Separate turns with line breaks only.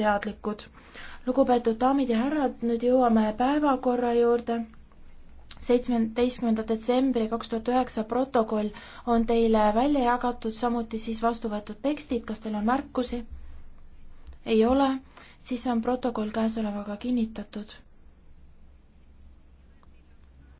teadlikud. lugupeetud daamid ja härrad, nüüd jõuame päevakorra juurde. seitsmeteistkümnenda detsembri kaks tuhat üheksa protokoll on teile välja jagatud, samuti siis vastu võetud tekstid, kas teil on märkusi? ei ole, siis on protokoll käesolevaga kinnitatud